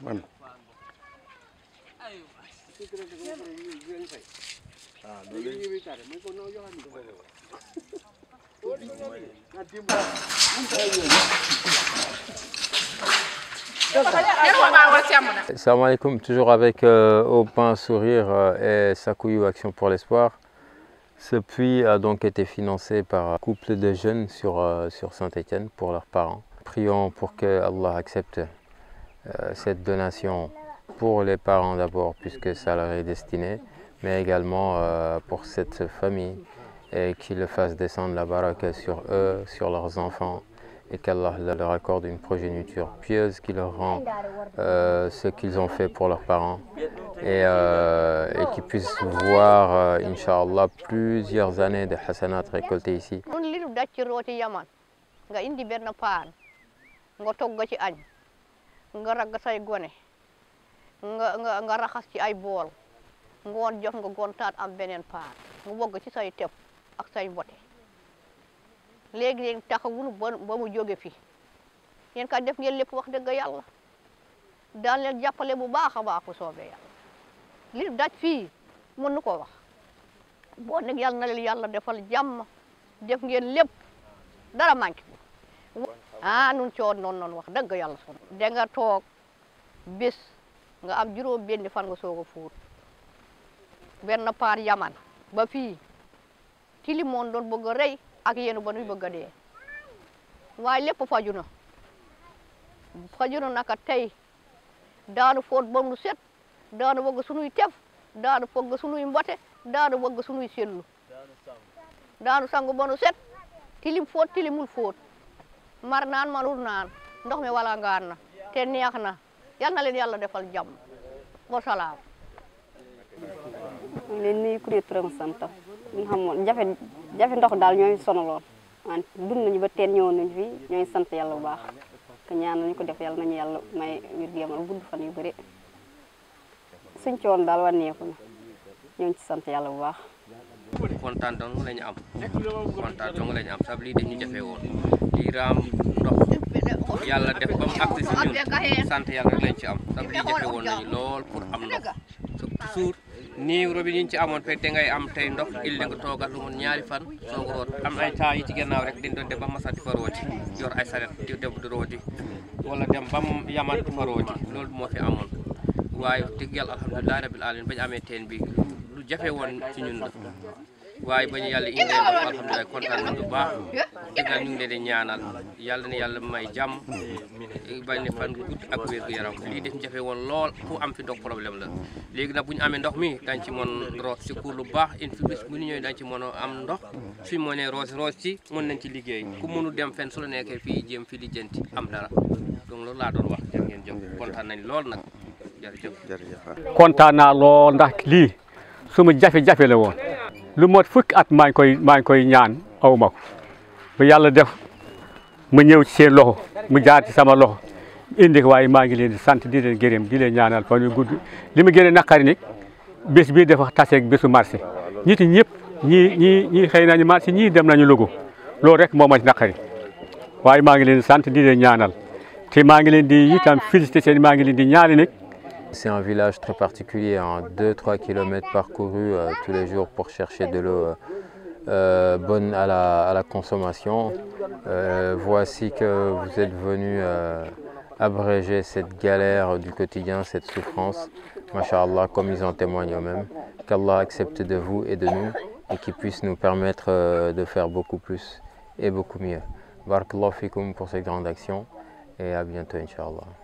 Bueno. Salam alaikum, toujours avec euh, Au pain sourire euh, et Sakouyou Action pour l'espoir. Ce puits a donc été financé par un couple de jeunes sur, euh, sur Saint-Étienne pour leurs parents. Prions pour que Allah accepte euh, cette donation pour les parents d'abord, puisque ça leur est destiné, mais également euh, pour cette famille et qu'il fasse descendre la baraka sur eux, sur leurs enfants et qu'Allah leur accorde une progéniture pieuse qui leur rend euh, ce qu'ils ont fait pour leurs parents et, qu'ils puissent voir, euh, plusieurs années de hasanat récoltées ici. nga togg ci añ nga ragg say gone nga nga raxas ci ay bool ngoon jot nga gontaat am beneen paar nga wogg ci say tepp ak say mbote léegi-léegi taxawul ba mu jóge fi yéen ka def ngeen lépp wax dëgg yàlla dalle leen jàppale bu baax a baax bu soobee yàlla li daj fii mënu ko wax boo nekk yàlla na yàlla defal jàmm def ngeen lépp dara manqué ko anun ah, ci won non non wax deug yalla son de nga tok bis nga am juróom benn fan nga soko a benn yaman ba fii tilimoon don bëgg reey ak yéen ba nuy bëgg de way lepp lépp faju na faju na naka daanu foot bam lu set daanu bëgg sunuy tef daanu bëgg sunuy mbote daanu bëgg sunuy sellu daanu sangu set tilim tilimul foot mar naan manut naan ndox mi wala ngaan na te neex na yal na leen yàlla defal jàmm wa salaam leen nuyu kurée turam santam ñun xamoon jafe jafe ndox daal ñooy sonaloon wante dund nañu ba teen ñëwoon nañu fi ñooy sant yàlla bu baax que ñaan nañu ko def yàlla nañu yàlla may wér gu yamal gudd fan yu bëri suñ coon daal wàññeeku na ñoo ngi ci sant yàlla bu baax kontaan dong la ñu am kontaan dong la ñu am sab lii dañu jafe woon lii raam ndox yàlla def ba mu agsi si sant yàlla rek lañ ci am sab lii jafe woon nañu lool pour am ndox toujours nii robinet yi ñu ci amoon fekk te am tey ndox il nga toogal lu mun ñaari fan soog root am ay temps yi ci gannaaw rek dañ doon dem ba masa di fa rooti yor ay saret di dem di rooti wala dem ba mu yaman di fa rooti loolu moo fi amoon waaye diggal alhamdulilah rabil alamin bañ bi lu jafe woon ci ñun la waaye ba ñu yàlla indee ba alhamdulilah kontaan nañ bu baax dëggal ñu ngi leen ñaanal yàlla na yàlla may jàmm bañ ne fan gudd ak wér gu yaram lii def jafe woon lool ku am fi problème la léegi nag bu ñu amee ndox mi dañ ci mën roos si cour lu baax in fi bis bu ci mën am ndox suñ mënee roos roos ci mën nañ ci liggéey mënu dem fenn su la nekkee fii jéem fi lijjanti am dara donc loolu laa doon wax jërë nañ lool nag ndax lii suma jafe-jafe la woon lu mot fukki at maa ngi koy maa ngi koy ñaan aw ma ko ba yàlla def ma ñëw ci seen loxo mu jaar ci sama loxo indi waaye maa ngi leen di sant di leen gërëm di leen ñaanal fan yu gudd li ma gën a naqari nag bi bii dafa taseeg bésu marché nit ñi ñëpp ñii ñii ñii xëy nañu marché ñii dem nañu Louga loolu rek moo ma naqari waaye maa ngi leen di sant di leen ñaanal te maa ngi leen di itam félicité seen maa ngi leen di ñaani nag C'est un village très particulier, 2-3 hein. km parcourus euh, tous les jours pour chercher de l'eau euh, euh, bonne à la, consommation. voici que vous êtes venu abréger cette galère du quotidien, cette souffrance. Masha'Allah, comme ils en témoignent eux-mêmes, qu'Allah accepte de vous et de nous et qu'il puisse nous permettre de faire beaucoup plus et beaucoup mieux. Barakallahu fikum pour cette grandes actions et à bientôt, Inch'Allah.